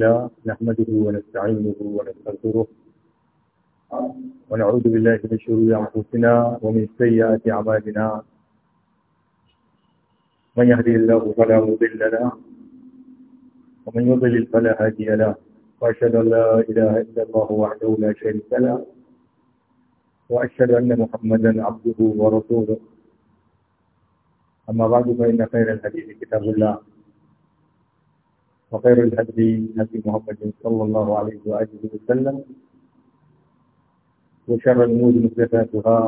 نحمده ونستعينه ونستغفره ونعوذ بالله من شرور انفسنا ومن سيئات اعمالنا من يهدي الله فلا مضل له ومن يضلل فلا هادي له واشهد ان لا اله الا الله وحده لا شريك له واشهد ان محمدا عبده ورسوله اما بعد فان خير الحديث كتاب الله وخير الهدي هدي محمد صلى الله عليه واله وسلم وشر الامور محدثاتها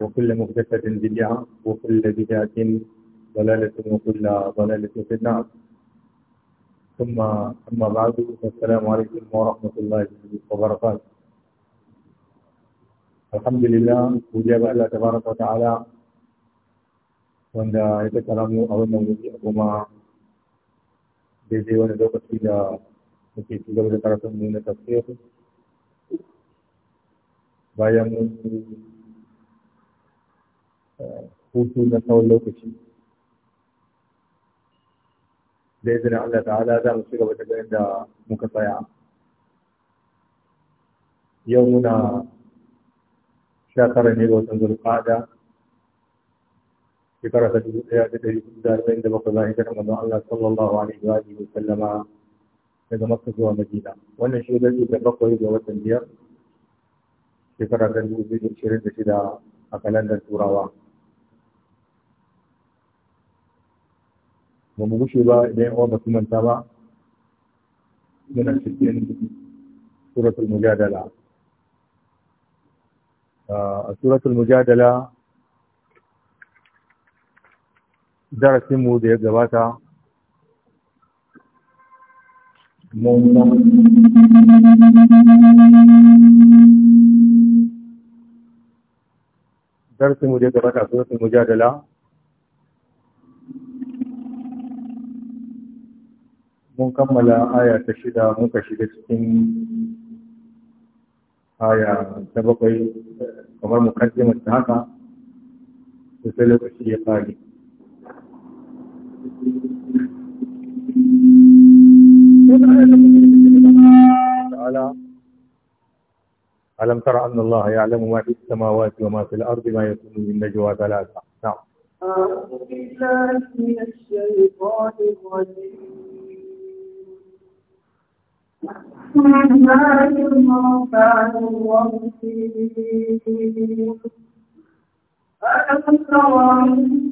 وكل محدثة بدعة وكل بدعة ضلالة وكل ضلالة في النار ثم أما بعد السلام عليكم ورحمة الله وبركاته الحمد لله وجاب الله تبارك وتعالى وأن يتكلم أولا وما sai dai wani lokaci da muke ci gaba da karatun mu na tafsir bayan mun eh, hutu na tsawon lokaci da izinin Allah ta'ala za mu ci gaba da bayan da muka tsaya yau muna shakara ne ga watan zulqa'ada shekara ta dubu ɗaya da ɗari hudu da arba'in da bakwai bayan hijirar manzon Allah sallallahu alaihi wa alihi wa sallama daga Makka zuwa Madina wannan shi ne da bakwai ga watan biyar shekara ta dubu biyu da ishirin da shida a kalandar Turawa idan yawa manta ba cikin a suratul mujadala darasinmu da ya gabata mun darasinmu mujadala mun kammala aya ta shida muka shiga cikin aya ta bakwai kamar mukaddimar ta haka da sai lokaci ya kare تعالى ألم ترى أن الله يعلم ما في السماوات وما في الأرض ما يكون من نجوى ثلاثة نعم أعوذ بالله من الشيطان الرجيم ألم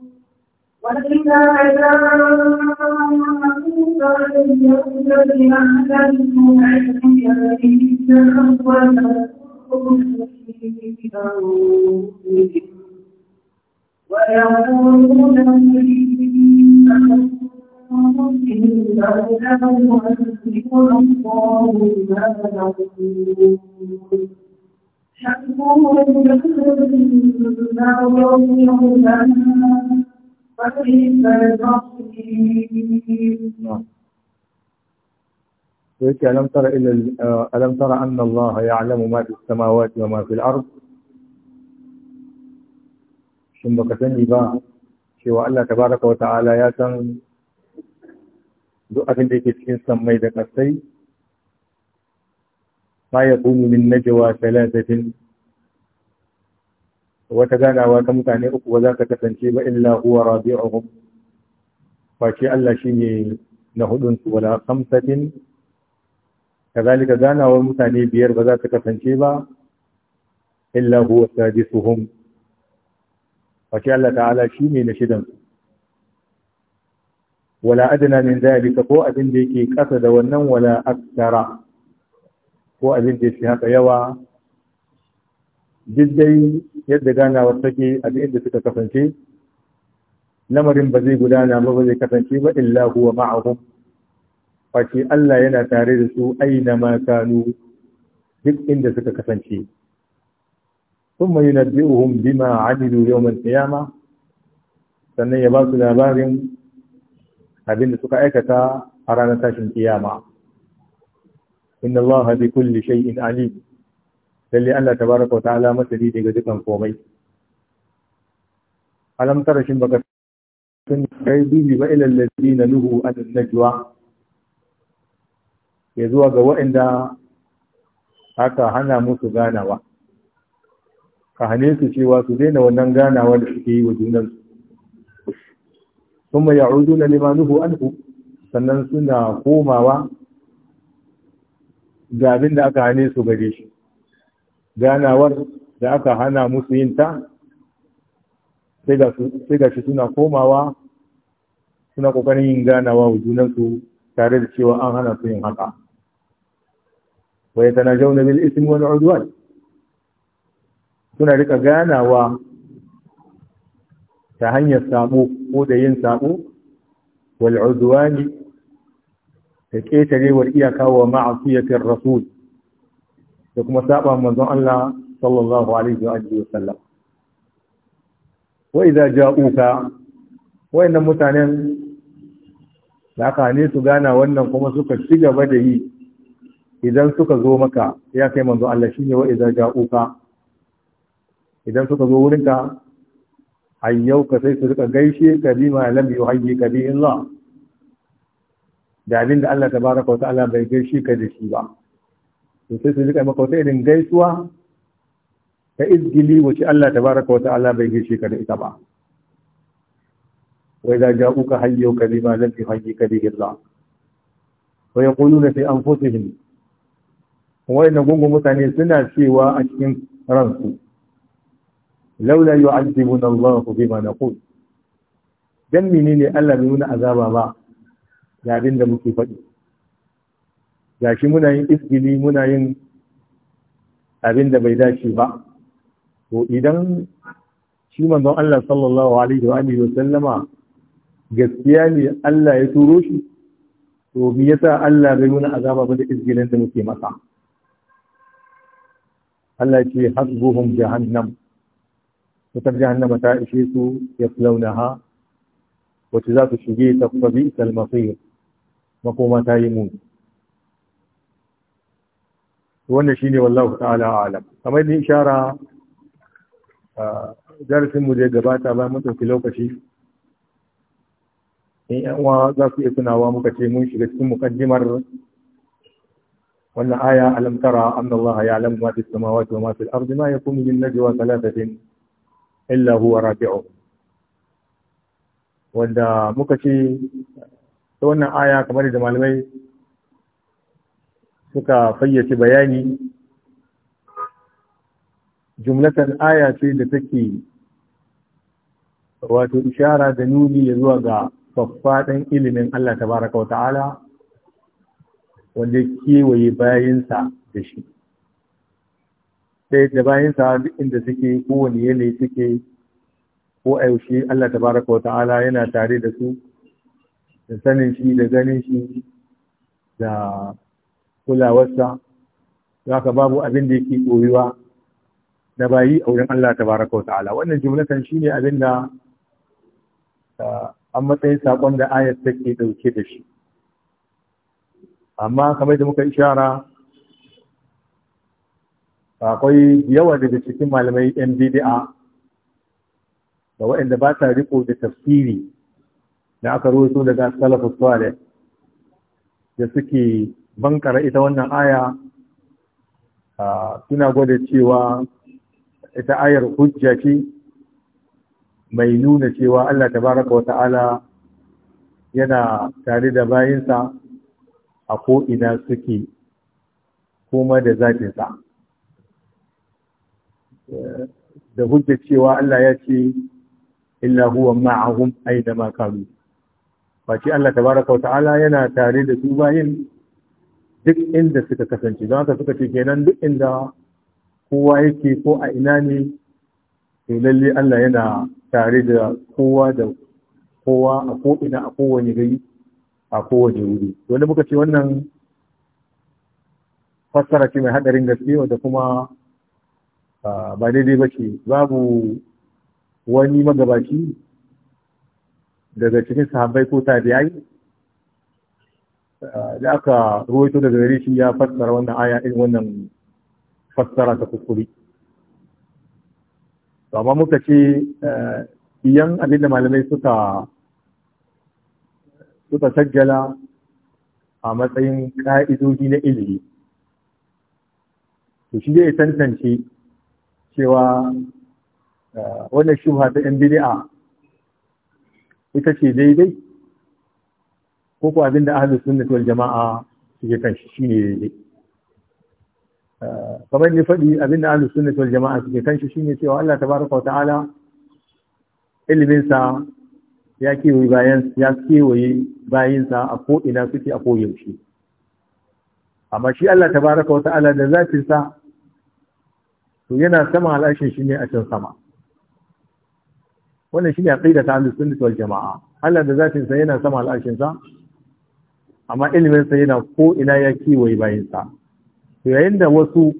وإذا جاءوا اليهود بما كانوا عندي ويقولون أنفسهم لولا يعذبنا الله بما نقول حسبهم جهنم يوم فكيف ألم ترى إلى آه، ألم ترى أن الله يعلم ما في السماوات وما في الأرض ثم كتن يبا شو الله تبارك وتعالى يا تن دو أكن ديك سكين سمي ما يقوم من نجوى ثلاثة wata ganawa ta mutane uku ba za ka kasance ba illa huwa rabi'uhum face Allah shine na hudun su wala khamsatin kazalika ganawar mutane biyar ba za ka kasance ba illa huwa sadisuhum face Allah ta'ala shine na shidan su wala adana min zalika ko abin da yake kasa da wannan wala aktara ko abin da yake haka yawa duk yadda ganawar take a duk inda suka kasance lamarin ba zai gudana ba ba zai kasance ba illa huwa ma'ahum face Allah yana tare da su aina ma duk inda suka kasance thumma yunabbi'uhum bima 'amilu yawm al-qiyamah sannan ya ba su labarin abinda suka aikata a ranar tashin kiyama inna Allah bi kulli shay'in alim lalle Allah tabaraka wa ta'ala masali daga dukan komai alam tara shin baka sun kai dubi ba ila alladhina nuhu an najwa ya zuwa ga waanda aka hana musu ganawa ka hane su cewa su daina wannan ganawa da suke yi wa junansu na يعودون nuhu an ku. sannan suna komawa ga abin da aka hane su gare shi ganawar da aka hana musu yin ta sai ga shi suna komawa suna kokarin yin ganawa wa junansu tare da cewa an hana su yin haka Wai tana jauna bil ismi wani udwan suna rika ganawa ta hanyar sabo ko da yin sabo wal ne, da ketarewar iyaka wa ma'asiyatir rasul da kuma saba manzon Allah sallallahu alaihi wa alihi wasallam wa idza ja'uka wayannan mutanen da aka ne su gana wannan kuma suka ci gaba da yi idan suka zo maka ya kai manzon Allah shine wa idza ja'uka idan suka zo wurinka ka sai su rika gaishe ka bi ma lam yuhayyi ka bi Allah da abin da Allah tabaraka wa ta'ala bai gaishe ka da shi ba to sai su rika maka wata irin gaisuwa ta izgili wace Allah tabaraka wa ta'ala bai gaishe ka da ita ba Wai ka idza ja'uka hayyuka bima lam yuhayyika bihi Allah wa yaquluna fi anfusihim wa inna gungun mutane suna cewa a cikin ransu laula yu'adhibuna Allah bima naqul dan menene Allah bai nuna azaba ba ga abin da muke faɗi shi muna yin isgili muna yin abin da bai dace ba to idan shi manzon Allah sallallahu alaihi wa alihi sallama gaskiya ne Allah ya turo shi to me yasa Allah bai nuna azaba ba da isgilin da muke masa Allah ce hasbuhum jahannam wutar jahannama ta ishe su ya launaha wacce za su shige ta kwabi talmasir makoma ta yi muni wannan shine wallahu ta'ala alam kamar ni ishara darasin mu da gabata ba mun ɗauki lokaci in yan uwa za su iya tunawa muka ce mun shiga cikin mukaddimar wannan aya alam tara anna Allah ya'lamu ma fis samawati wa ma fil ardi ma yakunu min najwa thalathatin illa huwa rabi'u wanda muka ce ta wannan aya kamar da malamai suka fayyace bayani jumlatan aya ce da take wato ishara da nuni ya zuwa ga faffaɗan ilimin Allah tabaraka wa ta'ala wanda kewaye bayansa da shi sai da bayansa duk inda suke kowane yanayi suke ko a yaushe Allah tabaraka wa ta'ala yana tare da su da sanin shi da ganin shi da kulawarsa za ka babu abin da yake koyuwa da bayi a wurin Allah ta baraka wa ta'ala wannan jumlatan shi ne abin da an matsayin saƙon da ayat take ɗauke da shi amma kamar da muka ishara akwai yawa daga cikin malamai yan bid'a da waɗanda ba ta riko da tafsiri da aka rawaito daga salafus salih da suke bankara ita wannan aya suna gwada cewa ita ayar hujja ce mai nuna cewa Allah tabaraka wa ta'ala yana tare da bayinsa a ko'ina suke kuma da zafinsa da hujja cewa Allah ya ce illa huwa ma'ahum aida ma Ba ce Allah tabaraka wa ta'ala yana tare da su bayin duk inda suka kasance don haka suka ce kenan duk inda kowa yake ko a ina ne to lalle Allah yana tare da kowa da kowa a ko ina a kowane gari a kowane wuri wanda muka ce wannan fassara ce mai hadarin gaske wanda kuma ba daidai ba ce babu wani magabaci daga cikin sahabbai ko tabi'ai da aka ruwaito da gare shi ya fassara wannan aya irin wannan fassara ta kukuri amma muka ce eh, iyan abinda malamai suka suka a matsayin ƙa'idoji na ilimi to shi zai tantance cewa eh, wannan shubha ta yan bidi’a ita ce daidai ko ko abin da ahlus sunnati wal jama'a suke kan shi shine daidai eh, kamar ni faɗi abin da ahlus sunnati wal jama'a suke kan shi shine cewa Allah tabaraka wa ta'ala ilimin sa ya kewaye bayan ya bayin sa a ko ina suke a ko yaushe amma shi Allah tabaraka wa ta'ala da zatin sa to yana sama al'ashin shi ne a can sama wannan shi ne aqida ta ahlus sunnati wal jama'a Allah da zatin sa yana sama al'ashin sa amma iliminsa yana ko ina ya kiwaye bayansa to yayin da wasu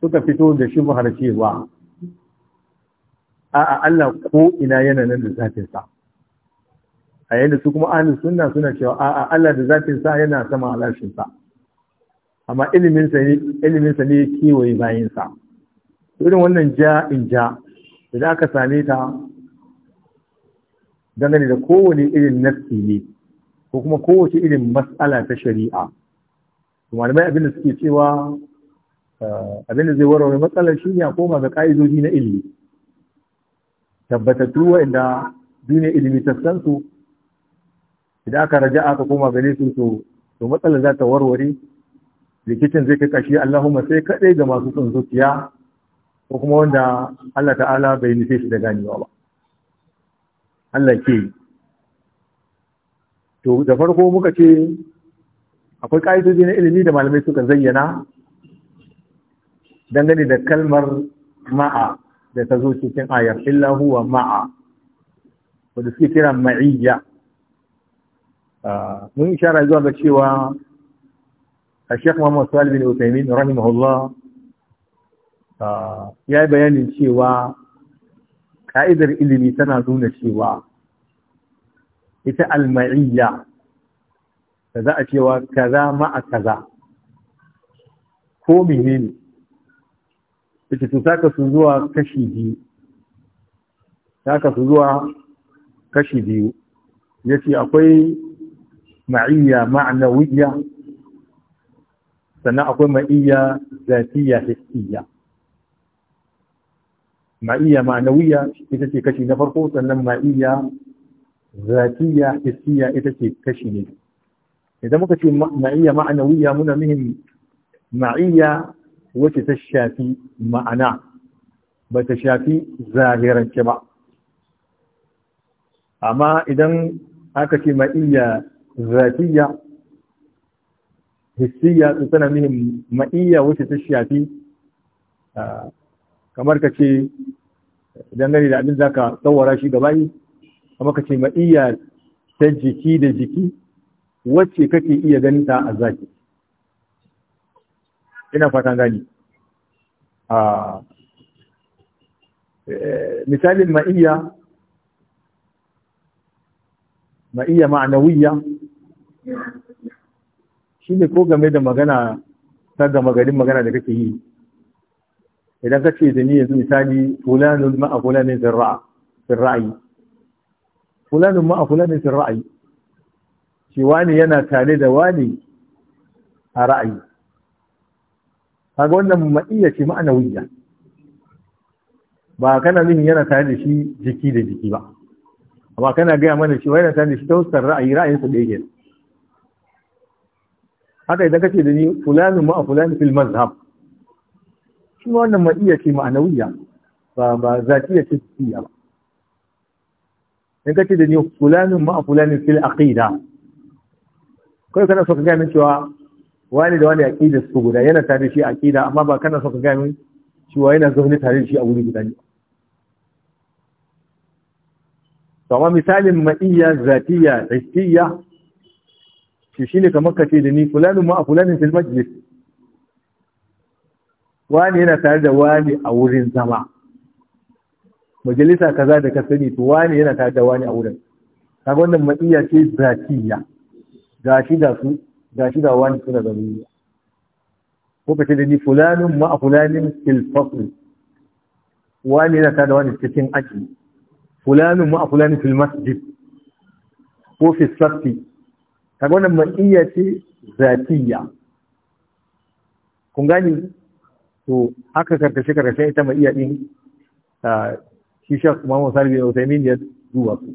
suka fito da shi shubhar cewa a'a Allah ko ina yana nan da zatin sa a yayin da su kuma ahlus sunna suna cewa a'a Allah da zatin sa yana sama alashin sa amma iliminsa ne iliminsa ne kiwaye bayansa irin wannan ja in ja idan aka same ta dangane da kowane irin nafsi ne ko kuma kowace irin matsala ta shari'a malamai abin da suke cewa eh, abin da zai warware matsalar shi ne a koma ga ka'idoji na ilimi tabbatattu wa'inda duniya ilimi ta san su idan aka raja aka koma gare su to to matsalar za ta warware rikicin zai kai kashi Allahumma sai kaɗai ga masu son zuciya ko kuma wanda Allah ta'ala bai nufe shi da ganewa ba Allah ke to da farko muka ce akwai ƙa'idoji na ilimi da malamai suka zayyana dangane da kalmar ma'a da ta zo cikin ayar illa huwa ma'a wadda suke kira ma'iyya ah, mun ishara zuwa ga cewa a shekh muhammad salih bin utaimin rahimahullah ah, ya yi bayanin cewa ƙa'idar ilimi tana nuna cewa ita ma'iyya da za a cewa kaza ma'a kaza ko menene ita to saka su zuwa kashi biyu saka su zuwa kashi biyu yace akwai ma'iyya ma'nawiyya sannan akwai ma'iyya zatiyya hissiyya ma'iyya ma'nawiyya ita ce kashi na farko sannan ma'iyya zatiya hissiya ita ce kashi ne idan muka ce ma'iyya ma'anawiya muna nuhin ma'iyya wacce ta shafi ma'ana ba ta shafi zahirance ba amma idan aka ce ma'iyya zatiya hissiya su tana nuhin ma'iyya wacce ta shafi ah, kamar ka ce dangane da abin za ka tsawara shi gabayi amma ka ce ma'iyya ta jiki da jiki wacce kake iya ganita a zaki ina fatan gani eh, misalin ma'iyya ma'iyya ma'anawiyya shi ne ko game da magana ta gama garin magana da kake yi idan kace da ni yanzu misali fulanul ma'a fulanin ra'ayi fulanin ma a fulanin sun ra'ayi shi wani yana tare da wani a ra'ayi Haga wannan ma'iyya ce ma'ana wuyya ba kana nufin yana tare da shi jiki da jiki ba amma kana gaya mana shi yana tare da shi ta huskar ra'ayi ra'ayinsa da yake haka idan kace da ni fulanin ma a fulanin fil mazhab shi wannan ma'iyya ce ma'ana wuyya ba ba ya ce ba in kace da ni fulanin ma fulanin fil aqida kai kana so ka ga min cewa wani da wani aqida su guda yana tare shi aqida amma ba kana so ka ga min cewa yana zaune tare shi a wuri guda ne to amma misalin ma'iyya zatiyya hissiyya shi shine kamar kace da ni fulanin ma fulanin fil majlis wani yana tare da wani a wurin zama majalisa kaza da ka sani to wani yana tare da wani a wurin kaga wannan matsiya ce zatiya gashi da su gashi da wani suna da ruwa ko kace da ni fulanin ma fulanin fil fasl wani yana tare da wani cikin aji fulanin ma fulanin fil masjid ko fi safi kaga wannan matsiya ce zakiya kun gani to haka karkashe karkashe ita ma iya din ah, shi shek Muhammad Salih bin Uthaymin ya dua su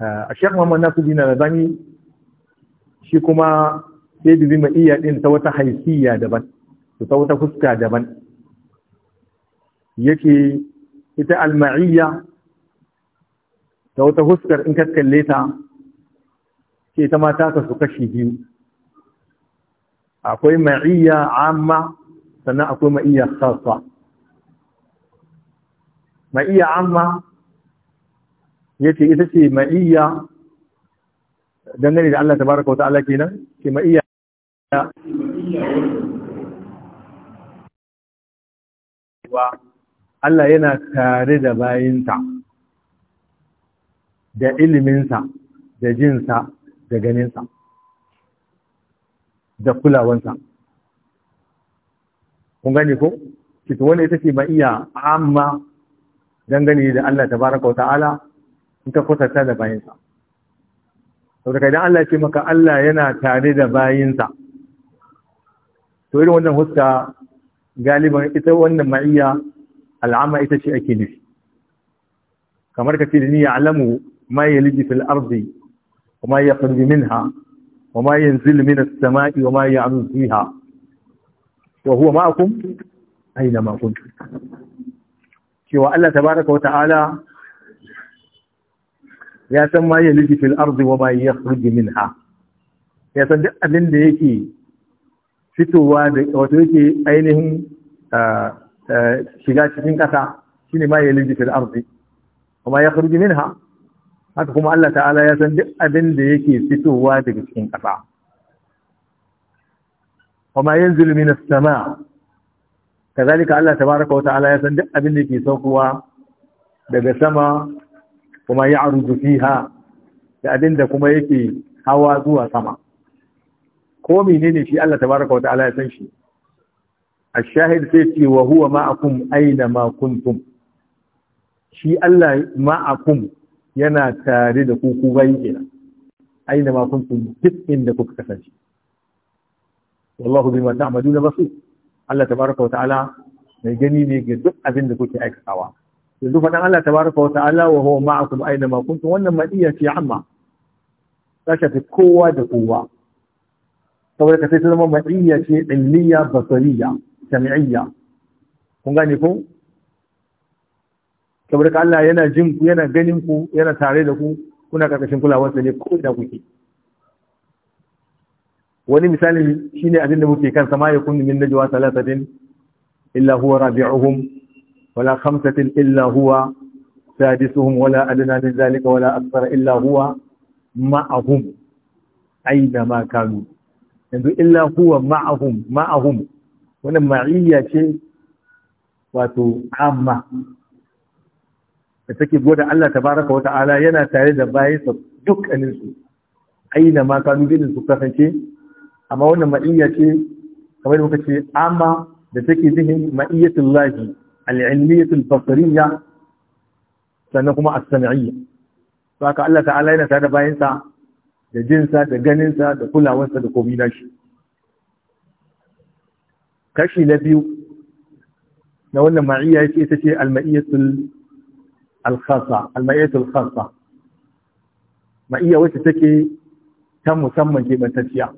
a shek Muhammad Nasiruddin Al-Albani shi kuma sai da zima iya din ta wata haifiya daban ta wata fuska daban yake ita al-ma'iyya ta wata fuskar in ka kalle ta ce ta mata ka su kashi biyu akwai ma'iyya amma sannan akwai ma'iyya khassa ma'iya amma yace ita ce ma'iya dangane da Allah tabaraka wa ta'ala kenan ce ma'iyya Allah yana tare da bayinta da iliminsa da jinsa da ganinsa da kulawansa kun gane ko? kitu wani ita ce iya amma dangane da Allah Ta wa ta'ala in ta kusurta da bayinsa saboda idan Allah ce maka Allah yana tare da bayansa. to irin wannan huska galiban ita wannan ma'iyya al'amma ita ce ake nufi kamar ka ce da ni alamu ma liji fil arzi, wa ma yakhruju minha wa ma yanzilu minas samai wa ma ya'ruju fiha wa huwa ma'akum aina na cewa Allah tabaraka wata'ala ya san ma yaliji fil ardi wa ma yakhruju minha ya san duk abin da yake fitowa da wato yake ainihin shiga cikin kasa shine ma yaliji fil ardi wa ma yakhruju minha haka kuma Allah ta'ala ya san duk abin da yake fitowa daga cikin ƙasa. wa ma yanzilu minas sama' kazalika Allah tabaraka wa ta'ala ya san duk abin da ke saukowa daga sama kuma ya arzu fiha da abin da kuma yake hawa zuwa sama ko menene shi Allah tabaraka wa ta'ala ya san shi ash-shahid sai ce wa huwa ma'akum aina ma kuntum shi Allah ma'akum yana tare da ku ku bai kenan aina ma kuntum duk inda kuka kasance wallahu bima ta'maluna basir Allah tabaraka wata'ala mai gani ne ga duk abin da kuke aikatawa yanzu faɗan Allah tabaraka wata'ala wa huwa ma'akum aina ma kuntum wannan madiya ce amma ta shafi kowa da kowa saboda ka sai ta zama ma'iyya ce ilmiya basariya sami'iyya kun gane ko saboda ka Allah yana jin ku yana ganin ku yana tare da ku kuna karkashin kulawarsa ne ko da kuke wani misali shine abin da muke kan sama ya kunni min najwa thalathatin illa huwa rabi'uhum wala khamsatin illa huwa sadisuhum wala adna min zalika wala akthara illa huwa ma'ahum aina ma kanu yanzu illa huwa ma'ahum ma'ahum wannan ma'iyya ce wato amma da take gwada Allah tabaraka wata'ala yana tare da bayansa dukkaninsu aina ma kanu ginin su kasance amma wannan ma'iyya ce kamar da muka ce amma da take zihin ma'iyyatul lahi al-ilmiyatul basariyya sannan kuma as-sam'iyya to haka Allah ta'ala yana tare da bayansa da jinsa da ganinsa da kulawarsa da komai nashi kashi na biyu na wannan ma'iyya yake ita ce al-ma'iyyatul al-khassa al-ma'iyyatul khassa ma'iyya wacce take ta musamman ke bantacciya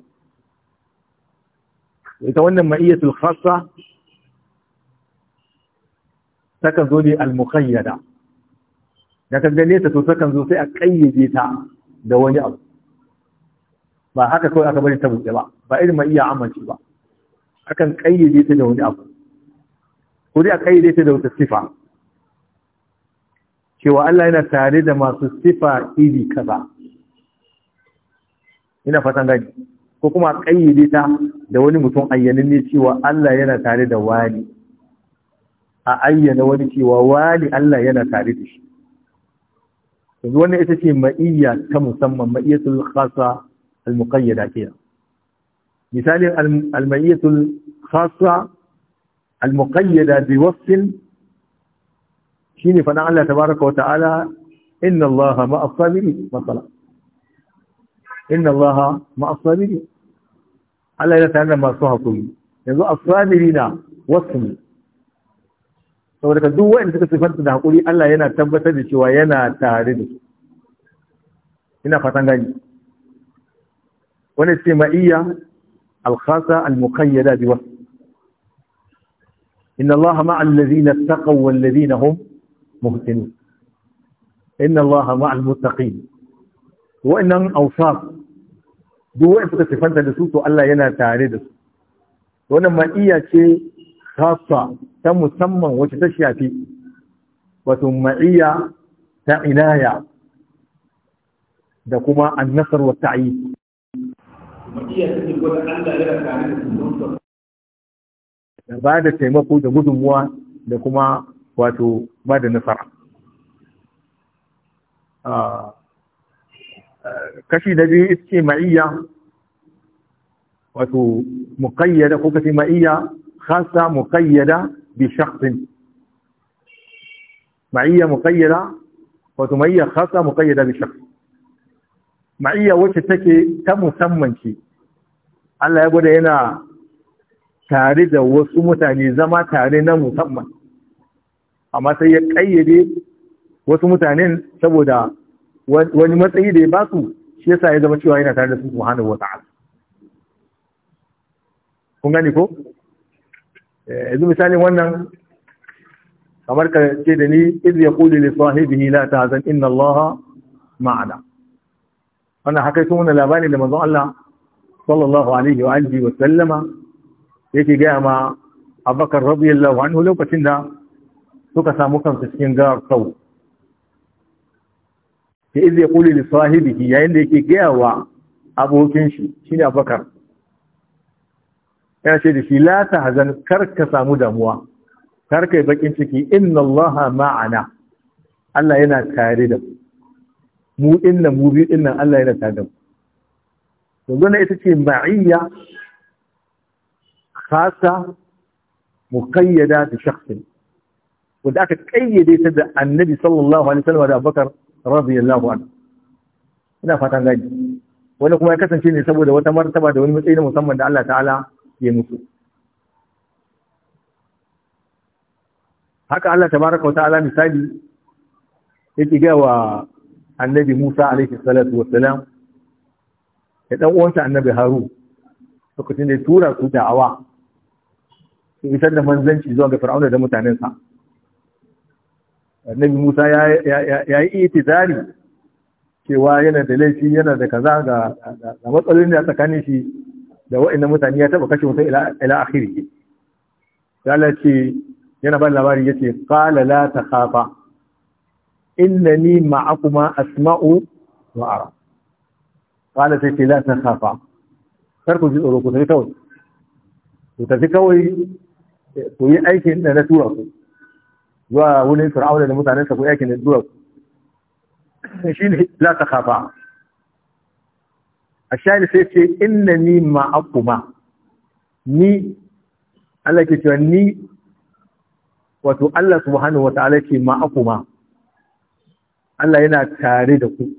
ita wannan ma'iyatul khassa takan zo ne al-muqayyada da kan gane ta to takan zo sai a kayyade ta da wani abu ba haka kawai aka bari ta buɗe ba ba irin ma'iya amince ba akan kayyade ta da wani abu ko dai a kayyade ta da wata sifa cewa Allah yana tare da masu sifa iri kaza ina fatan gani ko kuma ƙayyade ta da wani mutum ayyanin ne cewa Allah yana tare da wali. a ayyana wani cewa wali Allah yana tare da shi yanzu wannan ita ce ma'iyya ta musamman ma'iyyatul khassa al-muqayyada kiya misalin al-ma'iyyatul khassa al-muqayyada bi wasfin shine fadan Allah tabaaraka wa ta'ala inna Allah ma'as sabirin masala inna Allaha ma'as sabirin Allah yana tare da masu haƙuri yanzu as-sabirina wasu ne saboda ka duk wanda suka sifanta da haƙuri Allah yana tabbatar da cewa yana tare da su ina fatan gani wani ce ma'iyya al-khasa al-muqayyada bi wasu inna Allah ma'al ladina taqaw wal ladina hum muhsinun inna Allah ma'al muttaqin wa'annan awsaf duk wanda suka sifanta da su to Allah yana tare da su wannan ma iya ce khassa ta musamman wacce ta shafi wato ma'iya ta inaya da kuma annasar wa ma'iya ta ce wanda Allah yana tare da su da ba da taimako da gudunmuwa da kuma wato ba da nasara ah, kashi na biyu iske ce ma'iyya wato muƙayyada ko kashi ma'iyya khasa muƙayyada bi shakhsin ma'iyya muƙayyada wato ma'iyya khasa muƙayyada bi shakhsin ma'iyya wacce take ta musamman ce Allah ya gwada yana tare da wasu mutane zama tare na musamman amma sai ya ƙayyade wasu mutanen saboda wani matsayi da ya ba su shi yasa ya zama cewa yana tare da su subhanahu wata'ala kun gane ko yanzu misalin wannan kamar ka ce da ni iz yaqulu li sahibihi la tahzan inna allaha ma'ana wannan haka sun wannan labarin da manzon Allah sallallahu alaihi wa alihi wa sallama yake ga ma Abubakar radiyallahu anhu lokacin da suka samu kansu cikin gar sau ya izi ya kuli sahibihi yayin da yake gaya wa abokin shi shine abakar ya ce da shi la tahzan kar ka samu damuwa kar kai bakin ciki inna allaha ma'ana Allah yana tare da mu inna mu biyu inna Allah yana tare da mu to na ita ce ma'iyya khasa muqayyada da shakhsin wanda aka kayyade ta da annabi sallallahu alaihi wasallam da Abakar? radiyallahu anhu ina fatan gaji. wani kuma ya kasance ne saboda wata martaba da wani matsayi na musamman da Allah ta'ala ya mutu haka Allah tabaraka wa ta'ala misali ya ga wa annabi Musa alaihi salatu wassalam da dan uwansa annabi Haru lokacin da ya tura su da'awa su isar da manzanci zuwa ga Fir'auna da mutanensa annabi Musa ya yi itizari cewa yana da laifi yana da kaza ga matsalolin da tsakanin shi da wa'annan mutane ya taba kashe mutum ila akhiri ya lalace yana ba labari yace kala la takhafa innani ma'akuma asma'u wa ara ta ce la ta kafa ku ji tsoro ku tafi kawai ku tafi kawai ku yi aikin da na tura ku zuwa wurin fir'auna da mutanensa ko yakin da zuwa shi ne la ta kafa a shani sai ce inna ni ma'akuma ni Allah ke cewa ni wato Allah subhanahu wa ta'ala ke ma'akuma Allah yana tare da ku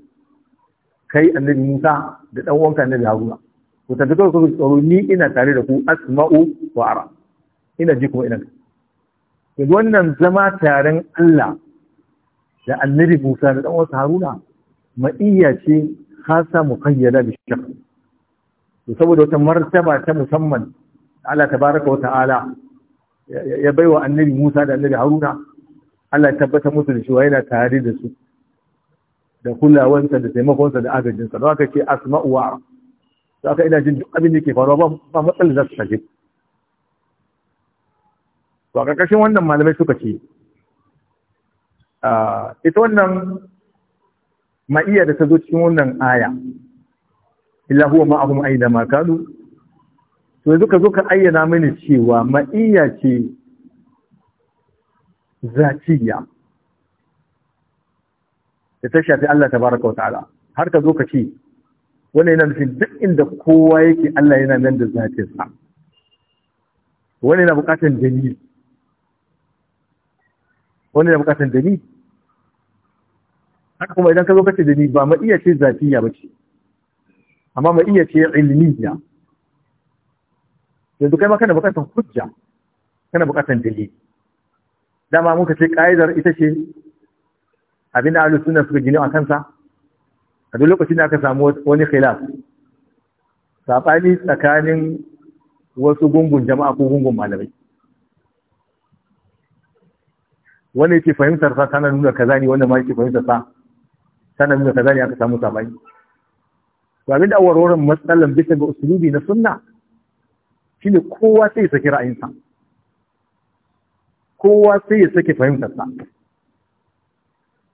kai annabi Musa da dan wanka annabi Haruna ku tafi kawai ku tsoro ni ina tare da ku asma'u wa ara ina ji kuma ina yanzu wannan zama taron Allah da annabi Musa da ɗan'uwansa Haruna ma'iyya ce hasa muqayyada da shakk to saboda wata martaba ta musamman Allah baraka wa ta'ala ya baiwa annabi Musa da annabi Haruna Allah ya tabbata musu da cewa yana tare da su da kulawansa da taimakonsa da agajinsa don haka ce asma'uwa? za ka ina jin duk abin da ke faruwa ba matsalar za su shafi to a ƙarƙashin wannan malamai suka ce ah, ita wannan ma'iyya da ta zo cikin wannan aya illa huwa ma'ahum aina to yanzu ka zo ka ayyana mini cewa ma'iyya ce zaciya da ta shafi Allah Ta wa wata'ala har ka zo ka ce wani yana nufin duk inda kowa yake Allah yana nan da sa. wani yana buƙatar dalili wani da bukatan da ni haka kuma idan ka zo kace da ni ba iya ce zafiya ba ce amma iya ce ilmiya yanzu kai ma kana bukatan hujja kana bukatan dalili dama muka ce ka'idar ita ce abin da ahlus sunna suka gina a kansa a duk lokacin da aka samu wani khilaf sabani tsakanin wasu gungun jama'a ko gungun malamai wanda yake fahimtar sa tana nuna kaza ne wanda ma yake fahimtar sa tana nuna kaza ne aka samu sabani to abin da warwaran matsalan bisa ga usulubi na sunna shine kowa sai ya saki ra'ayinsa kowa sai ya saki fahimtar sa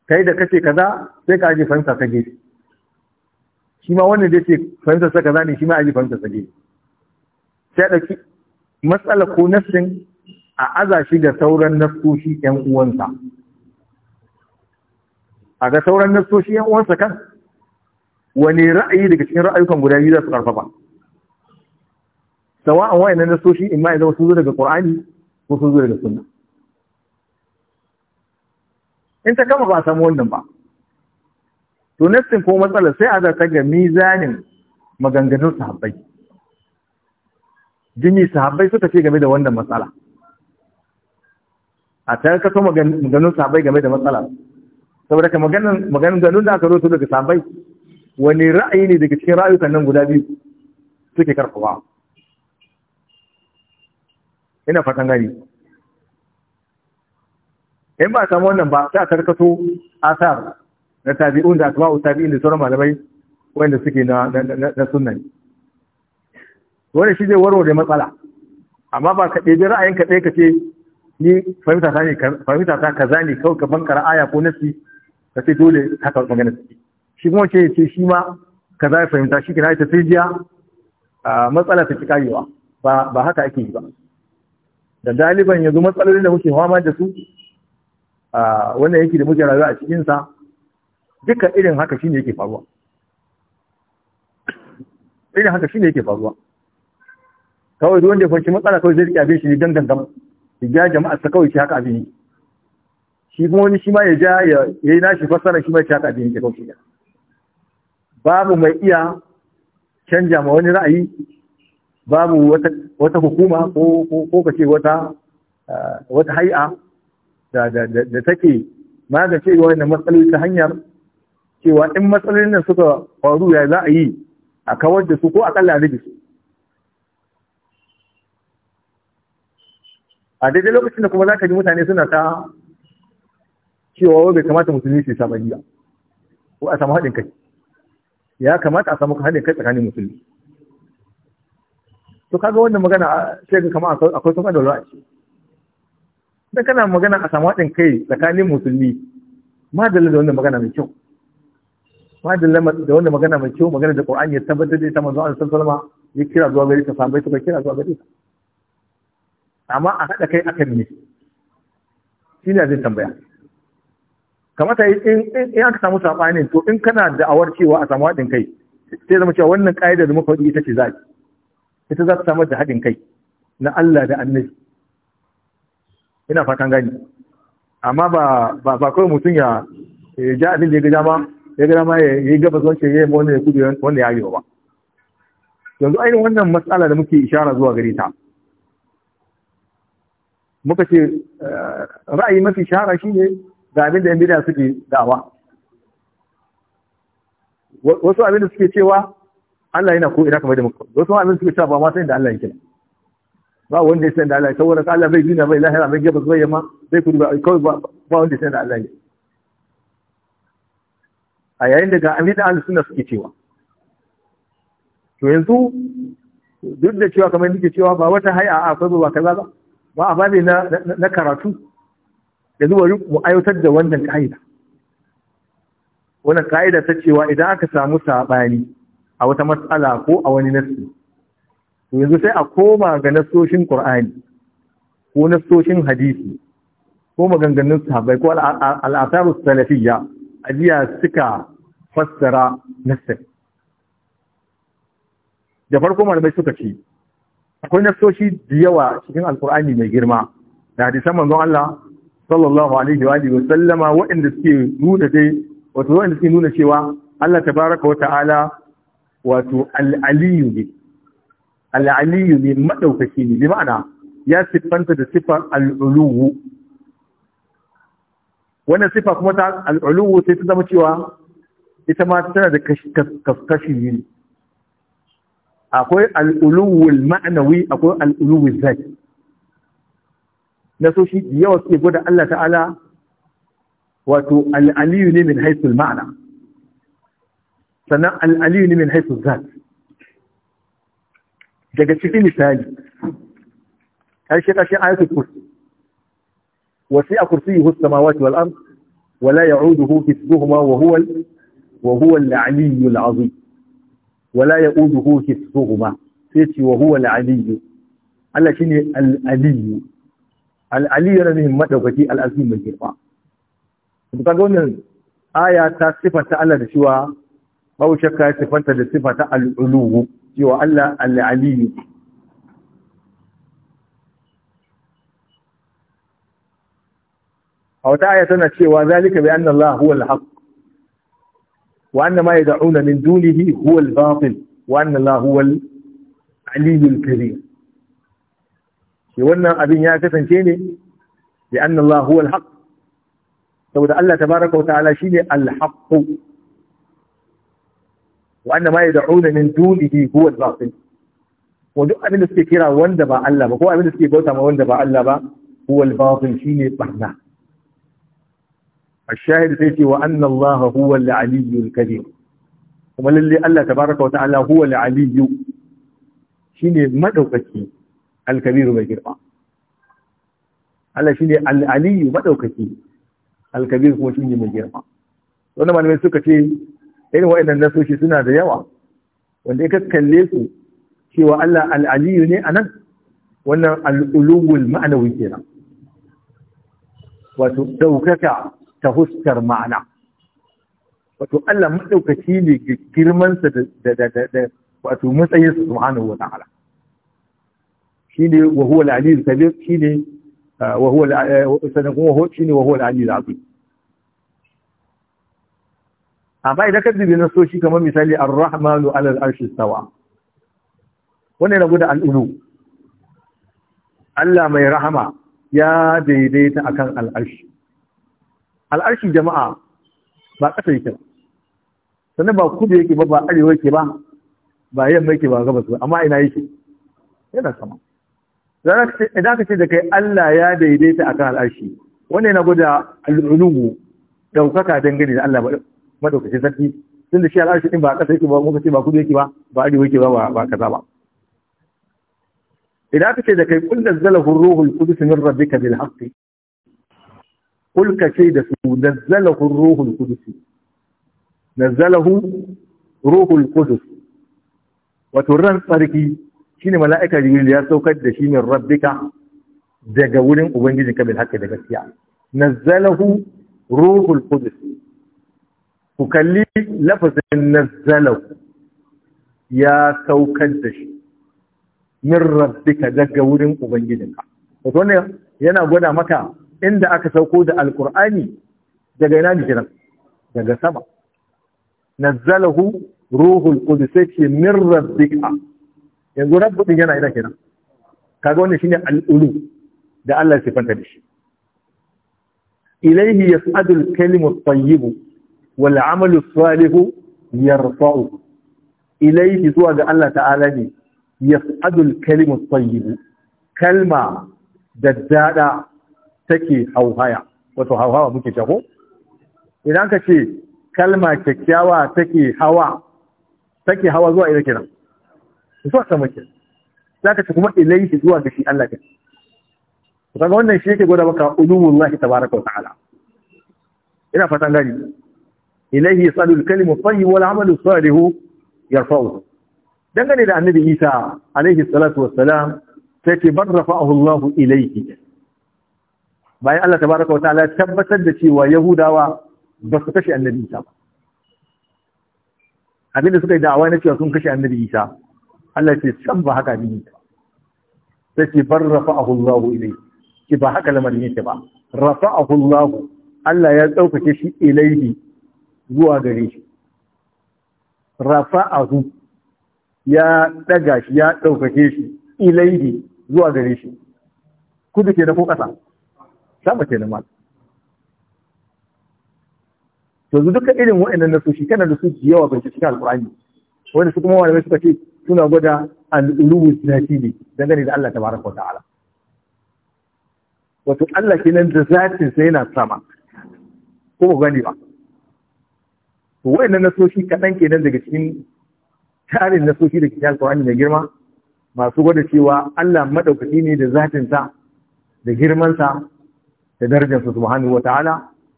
kai da kace kaza sai ka aje fahimtar ka gefe shi ma wannan da yake fahimtar sa kaza ne shi ma aje fahimtar sa gefe sai ɗauki matsala ko nassin a aza shi ga sauran nasoshi ‘yan uwansa. A ga sauran nasoshi ‘yan uwansa kan, wani ra'ayi daga cikin ra'ayukan guda biyu za su ƙarfafa. Sawa an na nasoshi in ma ya zama sun zo daga Ƙur'ani ko sun zo daga Sunna. In ta kama ba a samu wannan ba. To nassin ko matsalar sai a zata ga mizanin maganganun sahabbai. Jini sahabbai suka ce game da wannan matsala. a ta kaso maganin sabai game da matsala saboda ka maganin ganin da aka roto daga sabai wani ra'ayi ne daga cikin ra'ayukan nan guda biyu suke karfawa? ina fatan gani in ba a samu wannan ba sai a karkato asar na tabi'un da asma'u tabi'in da sauran malamai wanda suke na na Wani shi zai warware matsala amma ba ka ɗebi ra'ayin ka ɗaya ka ce ni fahimta ta ne fahimta ta kaza ne kawai ka bankara aya ko nasi ka ce dole haka magana take shi kuma ce ce shi ma kaza ya fahimta shi kina ta tijiya matsala ta cikayewa ba ba haka ake yi ba da daliban yanzu matsalolin da muke fama da su wannan yake da muke rayuwa a cikin sa dukkan irin haka shine yake faruwa irin haka shine yake faruwa kawai duk wanda ya fanci matsala kawai zai rike abin shi ne dangan ya ja jama'a ta kawai shi haka abin yi shi kuma wani shi ma ya ja ya yi nashi fassara shi ma ya haka abin yi kawai shi babu mai iya canja ma wani ra'ayi babu wata wata hukuma ko ko ko wata wata da da da take magance wannan matsaloli ta hanyar cewa in matsalolin nan suka faru ya za a yi a kawar da su ko akalla a rage su a daidai lokacin da kuma za ka ji mutane suna ta cewa wa bai kamata musulmi su samu jiya. ko a samu haɗin kai ya kamata a samu haɗin kai tsakanin musulmi to kaga wannan magana sai ga kamar akwai sun adalwa a ce idan kana magana a samu haɗin kai tsakanin musulmi ma da wannan magana mai kyau ma da wannan magana mai kyau magana da Qur'ani ya tabbatar da ita manzo Allah sallallahu alaihi wasallam ya kira zuwa gare ta sahabbai suka kira zuwa gare ta amma a haɗa kai akan ne shi ne zai tambaya kamata in aka samu saɓani to in kana da'awar cewa a samu haɗin kai sai zama cewa wannan ƙa'idar da mafaɗi ita ce za ita za ta samar da haɗin kai na Allah da annabi ina fatan gani amma ba ba kawai mutum ya ja abin da ya gada ma ya gada ma ya yi gabas wancan ya yi wanda ya kudu wanda ya yi ba yanzu ainihin wannan matsala da muke ishara zuwa gare ta muka ce eh, ra'ayi mafi shahara shine ga abin da yan bid'a suke dawa wasu abin da suke cewa Allah yana ko'ina ina kamar da muka wasu abin da suke cewa ba ma sai da Allah yake ba wanda ya san da Allah ya saboda Allah bai dina bai lahira bai gaba zuwa yamma bai kudu ba kawai ba wanda ya san da Allah ya a yayin da ga abin da Allah suna suke cewa to yanzu duk da cewa kamar nake cewa ba wata hay'a a fa ba kaza ba ba a bane na karatu da zuwa mu aiwatar da wannan ka'ida wannan ka'ida ta cewa idan aka samu saɓani a wata matsala ko a wani nasu to yanzu sai a koma ga nasoshin Qur'ani ko nasoshin hadisi ko maganganun sahabbai ko al'asarus salafiyya ajiya suka fassara nasar. da farko malamai suka ce akwai nasoshi da yawa cikin alkur'ani mai girma da hadisan manzon Allah sallallahu alaihi wa alihi sallama waɗanda suke nuna dai wato waɗanda suke nuna cewa Allah tabaraka wa ta'ala wato al-aliyyu ne al-aliyyu ne madaukaki ne bi ma'ana ya siffanta da siffar al-uluwu wannan siffa kuma ta al-uluwu sai ta zama cewa ita ma tana da kaskashi ne akwai al'uluwul ma'anawi akwai al'uluwul zai na so shi yawa suke gwada Allah ta'ala wato al'aliyu ne min haisul ma'ana sannan al'aliyu ne min haisul zai daga cikin misali ƙarshe ƙarshen ayatul kursi wasi a kursi yuhu samawati wal ard wala ya'uduhu hifdhuhuma wa huwa wa huwa al-'aliyyul 'azim wala ya ya'uduhu hifzuhuma sai ce wa huwa al Aliyu. Allah shine al-aliyyu al-aliyyu yana nufin madaukaki al-azim mai girma to kaga wannan aya ta sifanta Allah da cewa babu shakka ya sifanta da sifata al-uluwu cewa Allah al-aliyyu a wata aya tana cewa zalika bi anna Allah huwa al-haq وان ما يدعون من دونه هو الباطل وان الله هو العلي الكبير في وانا يا كسنشيني لان الله هو الحق سوى الله تبارك وتعالى شيني الحق وان ما يدعون من دونه هو الباطل ودو ابن السكيرا وان دبا الله هو ابن السكيرا وان الله هو الباطل شيني بحنا الشاهد سيتي وأن الله هو العلي الكريم kuma lalle Allah tabaraka wata'ala na al-aliyyu shine madaukaki al-kabir mai girma Allah shine al-aliyyu madaukaki al kuma mai girma malamai suka ce irin waɗannan nasoshi suna da yawa wanda ka kalle su cewa Allah al-aliyyu ne anan wannan al ma'anawi kenan wato ɗaukaka. ta huskar ma'ana wato Allah maɗaukaci ne girmansa da wato matsayinsa subhanahu wa ta'ala shine wa huwa al-aliyyul kabir shine uh, wa huwa da uh, kuma ho shine wa huwa al-aliyyul azim amma idan ka dubi na soshi kamar misali ar-rahmanu ala al-arshi istawa wannan yana gudu al'ulu Allah mai rahama ya daidaita akan al'arshi al’arshin jama'a ba ƙasa yake ba sannan ba kudu yake ba ba arewa yake ba ba yamma yake ba gabas ba amma ina yake yana sama idan ka ce da kai Allah ya daidaita akan al'arshi wanda yana gwada al'ulugu ɗaukaka dangane da Allah madaukacin sarki tun da shi al'arshi ɗin ba a ƙasa yake ba muka ce ba kudu yake ba ba arewa yake ba ba kaza ba idan ka ce da kai kullum zalafin ruhul qudus min rabbika bil haqqi kul ce da su nazzalahu ruhul qudus nazzalahu Ruhun qudus wato ran tsarki ne mala'ika jibril ya saukar da shi min rabbika daga wurin ubangijin kabil haka da gaskiya nazzalahu Ruhun qudus ku kalli lafazin nazzalahu ya saukar da shi min rabbika daga wurin ubangijinka wato ne yana gwada maka inda aka sauko da Alƙur'ani daga ina ne daga sama nazzalahu ruhul qudus ce min rabbika yanzu rabbu din yana ina kiran kaga wannan shine al-ulu da Allah ya sifanta da shi ilayhi yas'adu al-kalimu at-tayyibu wal 'amalu as-salihu yarfa'u ilayhi zuwa ga Allah ta'ala ne yas'adu al-kalimu at-tayyibu kalma da daddada take hauhaya wato hauhawa muke jago idan ka ce kalma kyakkyawa take hawa take hawa zuwa ina kenan zuwa sama kenan ka ce kuma ilaihi zuwa ga shi Allah kenan kaga wannan shi yake gwada maka ulumullahi tabaraka wa ta'ala ina fatan gani ilaihi yasalul kalimu tayyib wal amalu salihu yarfa'u dangane da annabi Isa alaihi salatu wassalam sai ce bar rafa'ahu Allah ilaihi bayan Allah tabaraka ya tabbatar da cewa yahudawa ba su kashe annabi isa ba abinda suka yi da'awa na cewa sun kashe annabi isa Allah ce san ba haka ne sai ce bar rafa'ahu Allahu ilayhi ki ba haka lamarin yake ba rafa'ahu Allahu Allah ya tsaukake shi ilayhi zuwa gare shi rafa'ahu ya daga shi ya ɗaukake shi ilayhi zuwa gare shi kudu ke da ko kasa sama kenan to yanzu duka irin wa'annan nasoshi kana da su yawa ban cikin Alƙurani. wanda su kuma malamai suka ce suna gwada al-uluwu ne dangane da Allah Ta tabaraka wa ta'ala wato Allah kenan da zatin sa yana sama ko ba gani ba to wa'annan nasoshi kaɗan kenan daga cikin tarin nasoshi da cikin Alƙurani mai girma masu gwada cewa Allah maɗaukaki ne da zatin sa da girman sa da darajar su subhanahu ta'ala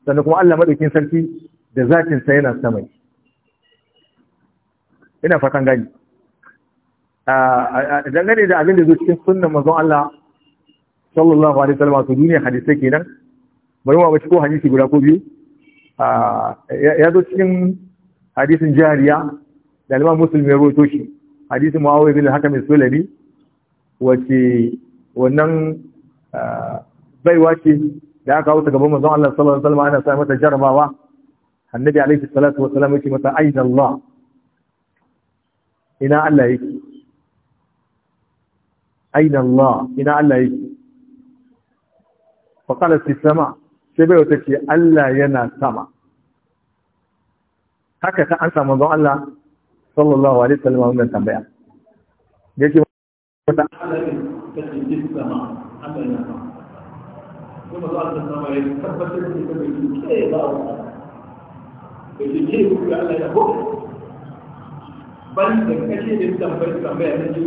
sannan kuma Allah madaukin sarki da zatin sa yana sama ina fatan gani a dangane da abin da zo cikin sunnan manzo Allah sallallahu alaihi wasallam to duniya hadisi kenan bari wa bace ko hadisi guda ko biyu ya zo cikin hadisin jariya da Imam Muslim ya rawaito shi hadisin Muawiya bin Hakim al-Sulami wace wannan baiwa ce da aka wuce gaban manzon Allah sallallahu alaihi wasallam ana sa mata jarabawa annabi alaihi salatu wasallam yake mata aina Allah ina Allah yake aina Allah ina Allah yake fa qala fi sama sai bai wata ce Allah yana sama haka ta an samu manzon Allah sallallahu alaihi wasallam wannan tambaya yake mata Allah yana sama sai mazu Allah sama ya tabbatar da ita bai cuce ba wa bai cuce ku ga Allah ya hukun ban da kashe da tambayar tambayar ta ce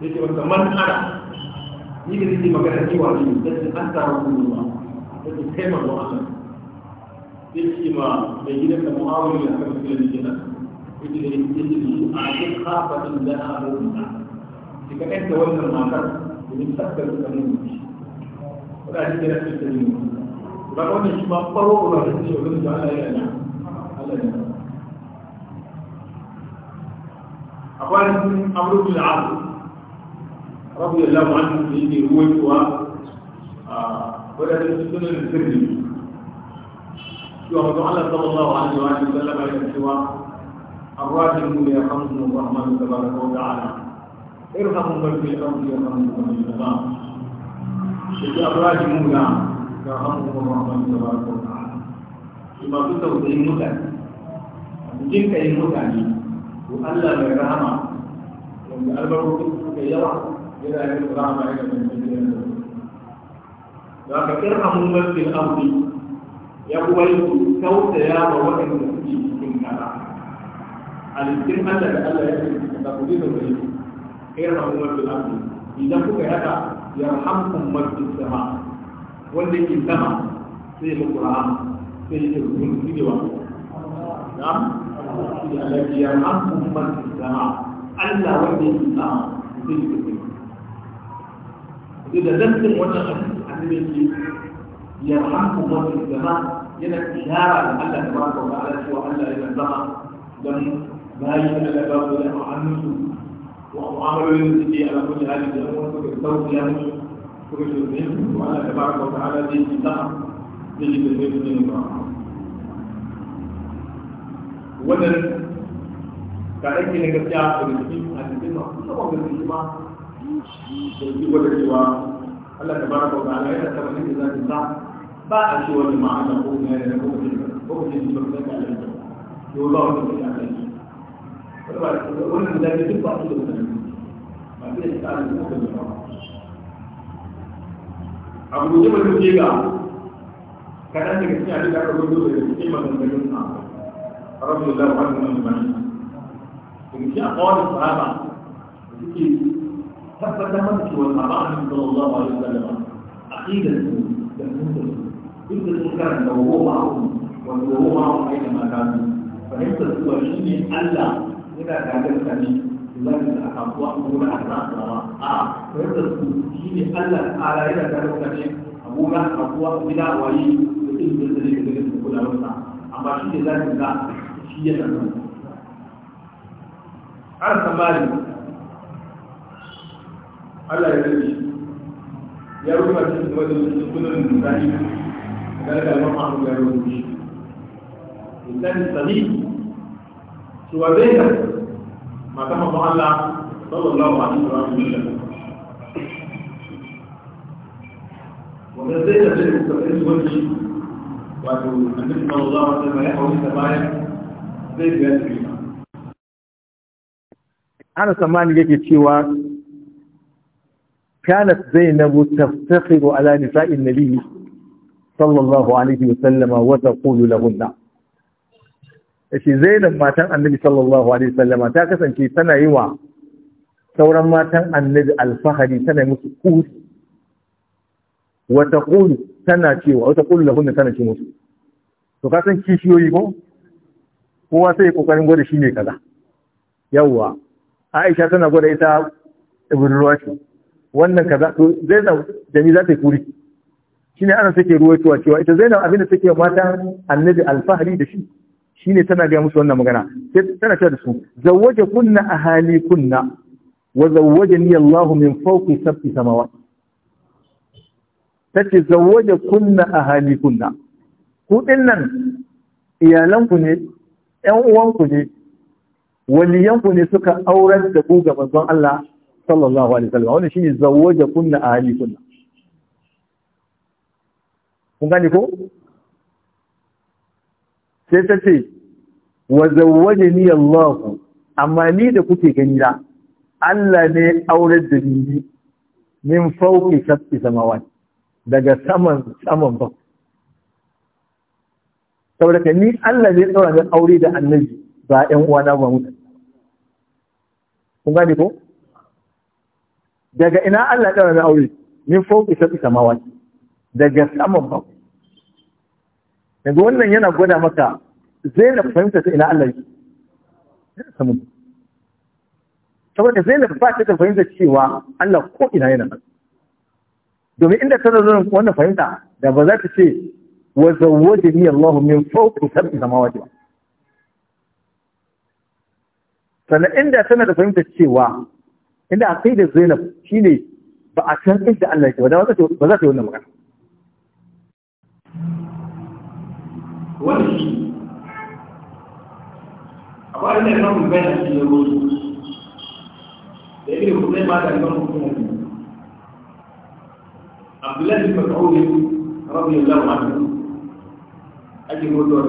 ya ce wata man ana ni da nake magana cewa ne da ce an tsara kuma ba da ce kai mazu Allah ya ce ma mai gidan da mu'awar ya kan fiye da ya ce da ya ce da shi a duk hafa da na abubuwa shi ka ɗanta wannan matar domin tattalin da mun ولكن لك السبيل ولكن ما قروا ولا تسير ولا على نعم أقوال عمرو بن العاص رضي الله عنه في رويت و ولا تسكن السري شو الله صلى الله عليه وآله وسلم على سوى الراجل يرحمه الرحمن تبارك وتعالى ارحموا من في الأرض يرحمكم من في السماء الراجمون ga hannun rahman da ba ta ta'ala shi ba mutane mutane wanda albarkatun suka yawa yana yin da da ya tausaya waɗanda suke cikin kasa halittun Allah da Allah ya ce ka ku da kai kirka mun masjid idan kuka yi يرحمكم من في السماء والذي انتهى في القران في الكون في الوقت نعم الذي يرحمكم من في السماء الا والذي انتهى في الكون إذا لم تكن هناك يرحمكم من في السماء ينك إشارة لأن تبارك وتعالى سوى أن لا إلى الزمن لم لا يجب أن يكون وعملوا لي على كل هذه الامور فكرتوا يعني فكرتوا بهم وانا تبارك وتعالى دي بتاع دي بالبيت من wannan da ake na gaskiya a rikici a cikin masu saman gaskiya ma da shi wata cewa Allah ta baraka wa ta'ala yana kama nake zaki sa ba a ce wani ma'ana ko ne da kuma shi ba ko shi ba da Allah yau za mu tafi wannan da duk ba su da wannan ba sai da tsarin da kuma da abu ne mai kuke ga kaɗan daga cikin abin da aka gudu da cikin maganganun sa a rabu da wani wani wani daga cikin akawar sahaba da suke tabbatar masa cewa sahaba a cikin sallallahu alaihi wasallam aqidar su da mutum duk da sun karanta wa wa wa wa wa wa wa wa wa wa wa wa wa wa wa wa wa muna tare da sani za ka ga a kuma a kan rawa a tare da su shi ne Allah ta'ala yana tare da sani a gona a kuwa gida wayi da ɗin da zai ga ganin kula wasa amma shi ne za ka ga shi yana nan an samari Allah ya rage ya rubuta shi da wajen sunan misali daga da mafi ya rubuta shi misali وبينك ما كما قال صلى الله عليه وسلم ومن زي ده وجهي وقت النبي صلى الله عليه وسلم يحوى لسه معايا زي أنا سمعني يجي كانت زينب تفتخر على نساء النبي صلى الله عليه وسلم وتقول لهن shi Zainab matan Annabi sallallahu alaihi wasallam ta kasance tana yi wa sauran matan Annabi alfahari tana yi musu kusi wata taqulu tana cewa wa taqulu lafunda tana ce musu to ka san kishiyoyi ko kowa sai kokarin gwada shi ne kaza yawwa Aisha tana gwada ita ibn ce wannan kaza to Zainab jami za ta yi kuri shine ana take ruwaitowa cewa ita Zainab abinda take matan Annabi alfahari da shi shine tana ga musu wannan magana tana cewa da su zawwaja kunna ahali kunna wa ni Allah min fawqi sab'i samawat tace zawwaja kunna ahali kunna ku dinnan iyalanku ne ƴan uwanku ne waliyanku ne suka aurar da ku ga manzon Allah sallallahu alaihi wasallam wannan shine zawwaja kunna ahali kunna kun gane ko sai ta ce wa ni Allah amma ni da kuke gani da Allah ne aurar da ni min fauki sab'i samawat daga saman saman ba saboda ka ni Allah ne tsawon da aure da annabi ba ‘yan uwana ba mutu, Kun gane ko? Daga ina Allah tsawon da aure, min fauki sabi samawa daga saman ku yanzu wannan yana gwada maka Zainab fahimta ta ina Allah yake saboda Zainab ba ta da fahimta cewa Allah ko ina yana nan domin inda ta zo wannan fahimta da ba za ta ce wa zawwajani Allah min fawqi sab'i samawati ba sannan inda tana da fahimta cewa inda akai da Zainab shine ba a san inda Allah yake ba za ta yi wannan magana هو أبغى أبو أرد الإمام البيت في الوجود لأن الخطيب بعد الإمام البيت عبد الله بن مسعود رضي الله عنه أجل موضوع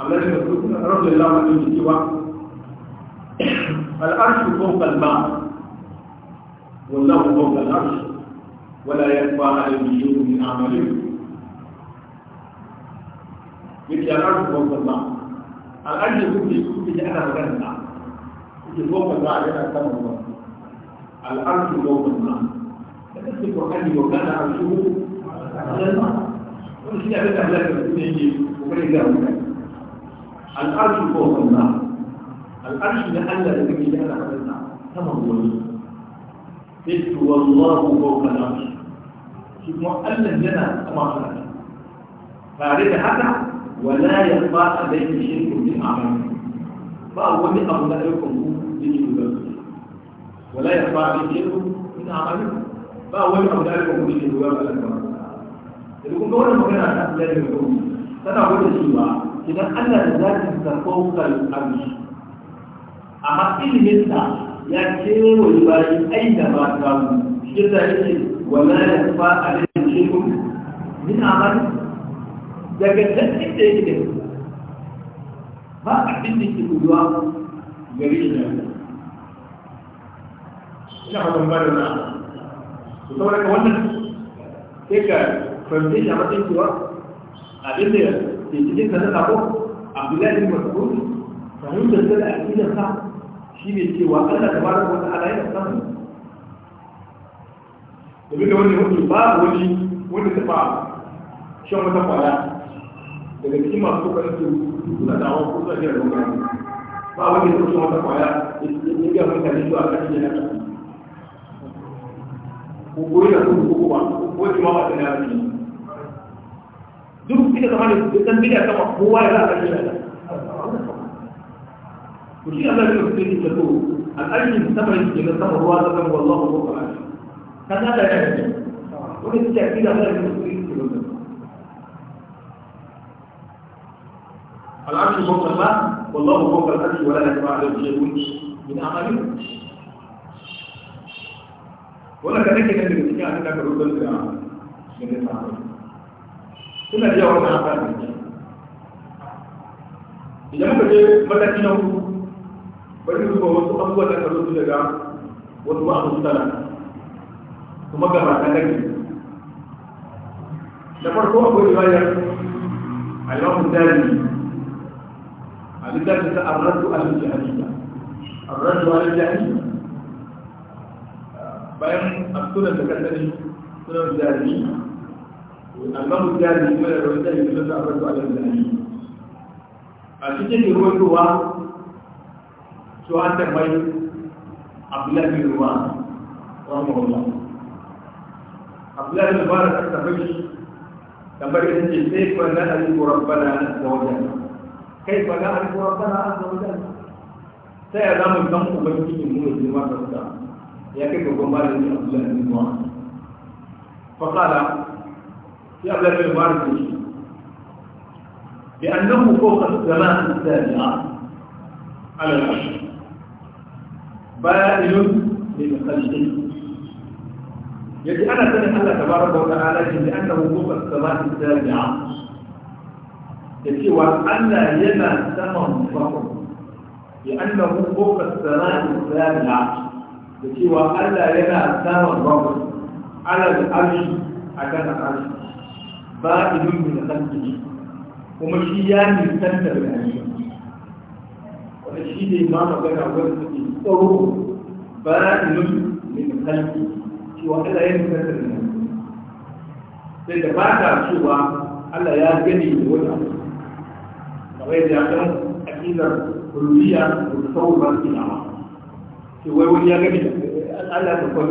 عبد الله بن مسعود رضي الله عنه سوى الأرش فوق الماء والله فوق الأرش ولا يخفى على الوجود من أعمالكم yake ya kasu ko sallah al'ajin kuke kuke ji ana magana ta kuke ko sallah a yana sama ba al'arzu ko sallah da kake qur'ani ko kana arshu sallah kun shi abin da Allah ya kuke yi ko kai ga mutane al'arzu ko sallah al'arshi da Allah da kake ji ana magana ta sama wani sai wallahu ko kana shi kuma Allah yana sama tare da haka ولا يخفى عليه شيء من أعمالكم فهو من أولئكم يجب ولا يخفى عليه شيء من أعمالكم فهو من أولئكم يجب لكم دون مكان أحلال يكون سنة أقول الشيء إذا أن الذات تفوق الأرش أما مثل يكيو يباري أين ما كانوا شيء ولا يخفى بين الشرك من أعمالكم daga nan inda yake da su ba a da ke guduwa gari da ina hakan ba na su saboda ka wannan sai ka fahimci shi a matsayin cewa abin da ke cikin sa na sako abdullahi bin mas'ud fahimtar da da aƙidar sa shi ne cewa Allah ta baraka wata ala yana samu da duka wani ba a wani wani ta fa shan wata kwaya daga cikin masu kokarin su suna da awon kusa da yaron gani ba wani da kusa wata kwaya ya ga mutane zuwa kan shi na ko kuri da kuma ko ba ko ji ma ba da yaron ne duk kika zama ne duk san bidiyar sama kowa ya za a kashe da shi Allah ya rubuta shi to al'ajin sabarin ke da sama ruwa da kan wallahu ko ka kaza da yaron ne wani suke akida da yaron العرش فوق الماء والله فوق الأرش ولا يتبع للجيبون من أعمالهم ولا أنك كان بالإتكاء أنك كرد في العمل من التعامل كنا جاء ورد عن فعل الجيب إذا ممكن جيب مدى كينه بجيب هو وصف أقوى تكرد في العمل وصف أقوى تكرد ثم كما كان لك لفرقوا أقوى رواية علامة الثالثة abin da ta arraddu alal jahiliya arraddu alal jahiliya bayan asunan da kasani sunan jahiliya annabu jahiliya mai da wanda yake da arraddu alal jahiliya a cikin ruwa to an tambayi abdullahi bin ruwa rahimahullah abdullahi bin ruwa ta sai rabbana wa كيف نعرف ربنا عز وجل سيعلم الدم وبيجي من الجماعة يا كيف قمار من عبد الله بن معاذ فقال يا عبد الله بن معاذ بانه فوق السماء السابعة على العشر بائل من خلقه يجي أنا سنة الله تبارك وتعالى لأنه فوق السماء السابعة da cewa Allah yana saman bakwai bi annahu fawqa as-sama'i sabi'a da Da cewa Allah yana saman bakwai ala al-arshi akan al-arshi ba'idun min khalqihi kuma shi ya nisanta da shi wanda shi ne ma magana wanda ke tsoro ba'idun min khalqihi cewa Allah ya nisanta da shi sai da ba ta cewa Allah ya gani da wani abu kamar yadda ɗan aƙidar rubiya da tasawur ba ke wai wani ya gani Allah ta kwan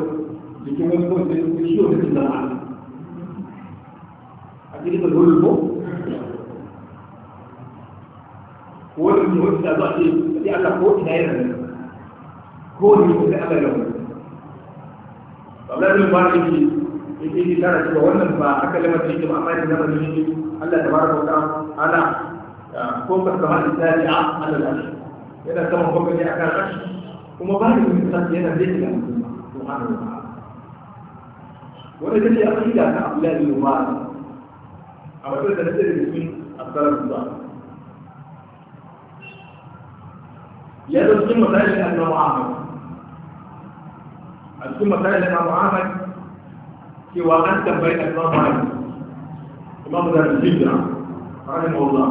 jikin wasu kwan da shi yau cikin zama a cikin da dole ko wani ne wani da zuwa ce sai Allah ko ina yana da ko ne ko sai Allah ya wani Abdullahi ba ne tara cewa wannan ba amma Allah wa فوق كمان التاسعة على العشر إذا كما فوق دي أكاد عشر ومبارك من قد ينا ذكرى سبحانه وتعالى وأنا ذكرى أقيدة عن عبد الله بن مبارك أما كنت نسير باسمين السلف الصالح يدرس قمة مسائل أنه معامل القمة مسائل أنه معامل سوى أن تنبين أنه معامل إمام ذات الهجرة رحمه الله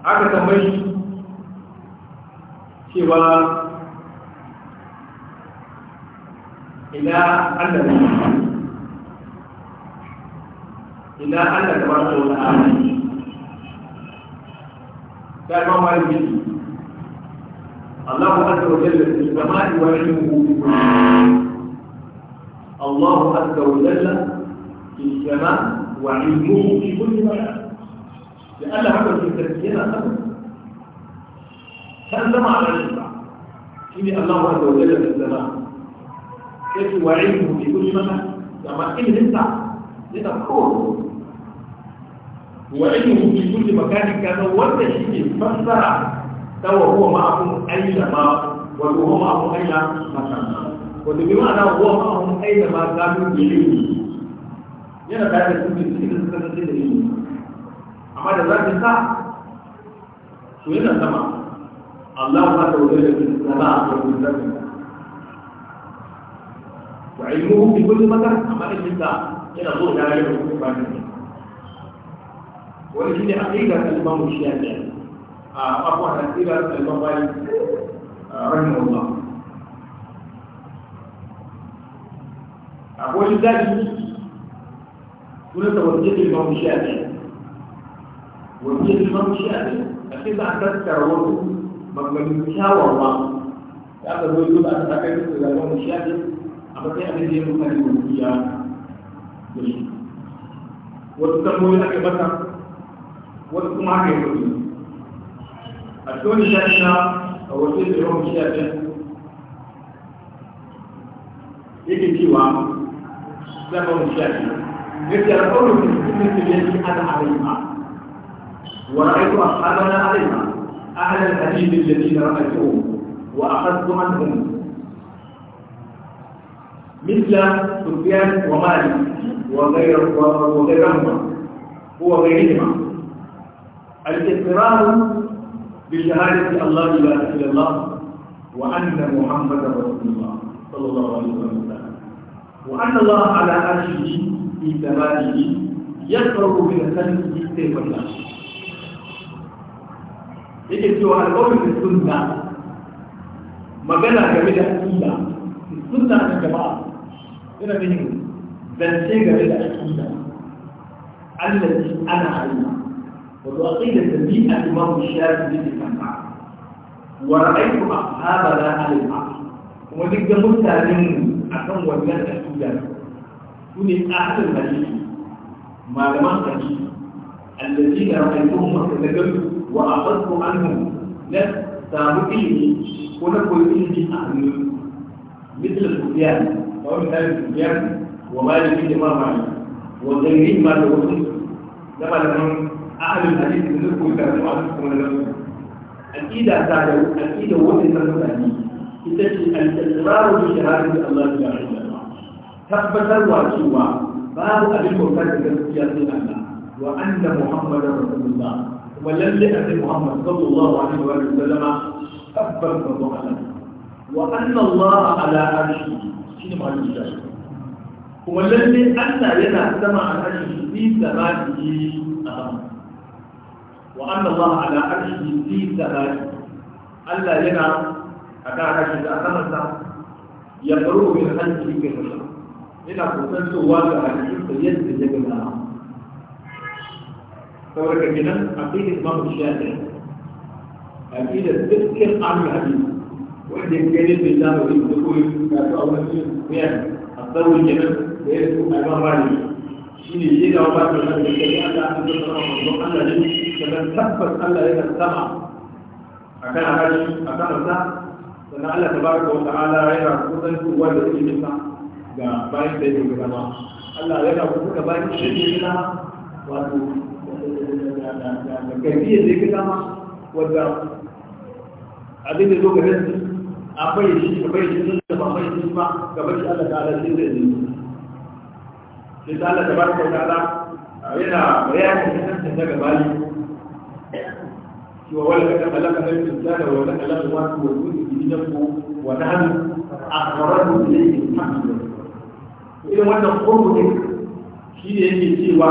aka tambayi cewa ila Allah ne ila Allah da wata wata amini ta ma mara miki Allah ku azza wa jalla fi samai wa ilmuhu bi kulli Allah azza wa jalla fi samai وعلمه في كل مكان لأن هذا التركيز أمر سلم على الإسلام إن الله عز وجل في السماء كيف وعلمه في كل مكان لما إن أنت لتقول وعلمه في كل مكان كان وانت شيء فسر وهو معكم أينما وهو معكم أين مكان وبمعنى هو معهم أينما كانوا يليه yana da ta cikin cikin suka kace da ilimi amma da zaki sa to yana sama Allah ta tawalla da sana'a da mutum wa ilmuhu bi kulli makan amma ilmin sa yana zuwa da rayuwar mutum ba ne wani shine aqida ta Imam Shafi'i a afwan aqida ta Imam Malik rahimahullah akwai zabi ولسه وصية الإمام الشافعي وصية الإمام الشافعي أكيد عن تذكر وصف مقبل شاور الله هذا هو يقول أن تذكر الإمام الشافعي أما كان أبي دي مكان الوصية وتسموا لك بطن وتكون معك الوصية الدول الشاشة أو وصية الإمام الشافعي يجي سوى الإمام الشافعي يتركون في السنة التي أنا عليها ورأيت أصحابنا عليها أهل الحديث الذين رأيتهم وأخذت عنهم مثل سفيان ومالك وغير وغيرهما وغيرهما الاقرار بشهادة الله لا إله إلا الله وأن محمدا رسول الله صلى الله عليه وسلم وأن الله على عرشه في زمانه يخرج من الخلف بالسيف والنار. يجب سوى القول في السنه ما بنى جميل الحكيمه السنه يا جماعه هنا منهم بل شيء جميل الحكيمه الذي انا علمه والوقيد الذي الامام الشافعي به كان ورأيت أصحاب لا أهل العقل ومن جمهور تعليم أكون وجدت الحكيمه su ne ahalin hadisi malaman hadisi allazi da ra'aytuhum wa tadabbaru wa aqadtu anhum la samu ilimi مثل سفيان أو مثال سفيان ومالك بن إمام مالك وغيره ما توصل لما لم أهل الحديث من ذكر كلام أنفسكم من نفسكم أكيد أتعلم أكيد وصل الثاني إذا الإقرار بشهادة الله تعالى تقبلوا سوى باب أبي المرتد في الأمة وأن محمد رسول الله ولم يأت محمد صلى الله عليه وسلم تقبل رضو وأن الله على عرشه شنو ما يجب ومن أن لنا سمع عرشه في سماته وأن الله على عرشه في سماته ألا لنا أتى عرشه أخمسه يقرؤ من خلفه في المشرق yana kusantowa ga hadisinsa yadda ya gana saboda ka kenan aqidar imam shafi aqidar dukkan ahli hadisi wanda ya kai ne da zamu yi da koyi da su a wani ne a tsawon kenan da ya su a ban rani shi ne shi ga wata da da ke Allah an zo sama manzon Allah ne sannan tabbas Allah yana sama akan arashi akan sa sannan Allah tabaraka wa ta'ala yana kusantowa da ilimin sa ga bayan da yake gaba Allah ya yana kuma ga bayan shi ne na wato da da da da da da abin da zo su a bai shi a bai shi sun da ba bai shi ba ga bai Allah ta ala sai da yi sai ta Allah ta ba ta ala yana bayani da ta daga bali cewa wala ka kalla ka da tsara wala ka kalla wa ku wa ku da wa nahnu akhbaratu ilayhi hamdan irin wannan kurkudin shi ne yake cewa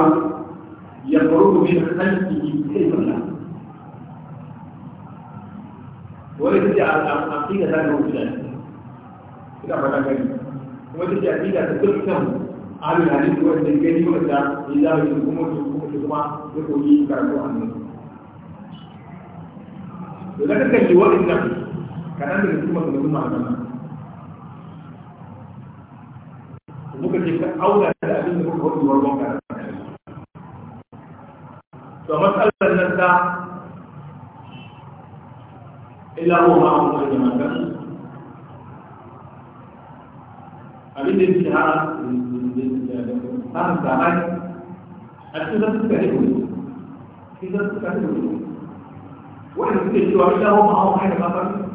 ya faru min hanki kai falla wani ta a aƙida ta da wuce ina fata gani kuma ta ce aƙida ta dukkan ahalin hadisi wanda gani wanda ya zama shi kuma su kuma su kuma ya koyi karatu a nan to da kan yi waɗannan kanan da su kuma su mutum a nan تكلف أولى لأبن الكهر والواقع فمسألة النساء إلا هو ما أمر كما كان أبن الانتهاء للإنسان الزامن أكيد تتكلم أكيد تتكلم وإن كنت سوى إلا هو ما أمر كما كان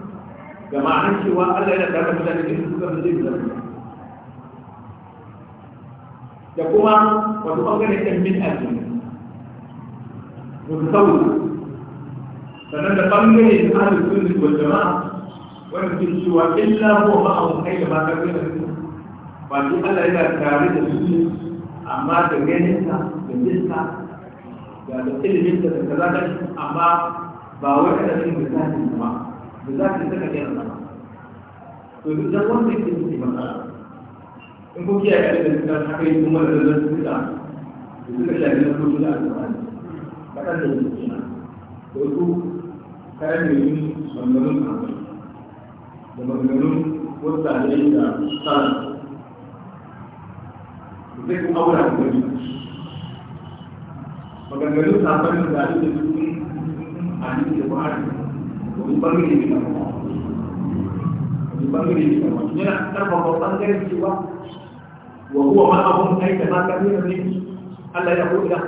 جماعة سوى ألا إلا كما كان يجب أن تكلم da kuma wasu ɓangare ɗan min addini wasu sau sannan da ɓangare da ahalin da wal jama'a wani cikin cewa illa a ma'ahu kai da mata kai da ba shi Allah yana tare da su amma da ta, da ta, da da ta da kaza shi, amma ba wani ana yin da zafi ba da zafi saka yana ba to idan wannan ke cikin matsala Engkau ko kiyaye da su ta haka yi kuma da zan tuta da suka shafi na kuma da alƙur'ani kaɗan da su kina da su kayan mai yin maganganun kamar da maganganun wata ne da tsara zai kuma aura da wani وهو معهم أيضاً ما تأمين منه ألا يقول له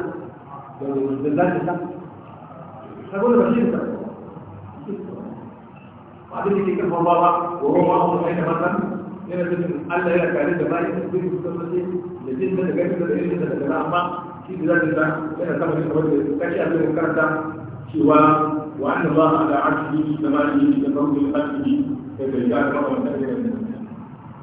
بالله لا يقول له بشيء بعد ذلك الله وهو معهم أيضاً ما تأمين يكون في على عرشه سمائه لتنظر قلبه كيف يجعل الله من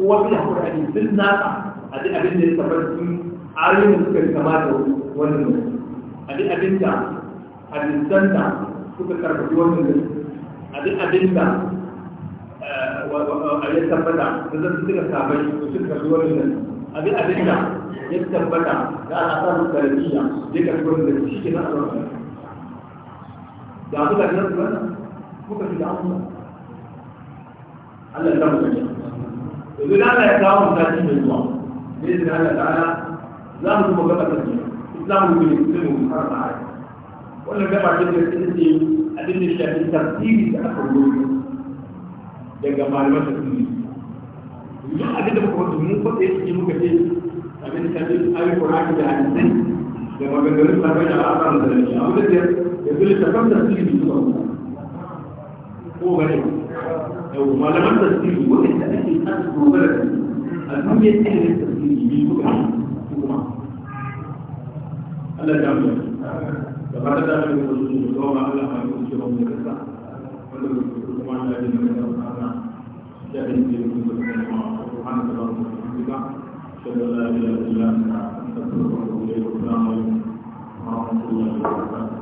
kowa suna kuma ake duk nasa a duk abin da ya taɓa cikin ayoyin suka kama da wannan lokaci a duk abin da hadisan da suka karfafi wannan lokaci a duk abin da eh, ya tabbata da zan suka sabai su suka karfafi wannan lokaci a duk abin da ya tabbata da ana samun tarbiyya ya karfafi wannan lokaci shi ke na alwata da abu da nan muka fi da abu Allah ya zama da domin Allah ya kawo mu tashi mai zuwa da izinin Allah ta'ala za mu kuma gaba tashi islamu ne sai mu fara da ayi wannan gaba ce da take ce abin da shafi tafsiri da aka rubuta daga malaman tafsiri duk abin da muka mun faɗe shi muka ce abin da shafi ayi Qur'ani da hadisi da maganganun sabai da al'amuran da shi amma da yanzu da tafsiri ne ko ba ne yau malaman tasiri waɗanda ake kan dogara da su alhamdulillah ilimin tasiri ne suka su kuma Allah ya mu da ba ta dace da su da kuma Allah ma ya ce mu da sa wannan kuma Allah ya yi da sana ya yi da kuma da kuma subhanahu wa ta'ala subhanaka shalla la ilaha illa anta astaghfiruka wa atubu ilayk assalamu alaikum wa rahmatullahi wa barakatuh